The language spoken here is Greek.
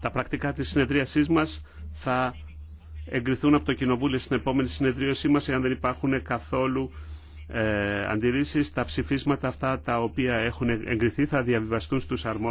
Τα πρακτικά της συνεδρίασής μας θα εγκριθούν από το Κοινοβούλιο στην επόμενη συνεδρίασή μας εάν δεν υπάρχουν καθόλου ε, αντιρρήσεις. Τα ψηφίσματα αυτά τα οποία έχουν εγκριθεί θα διαβιβαστούν στους αρμόδιους.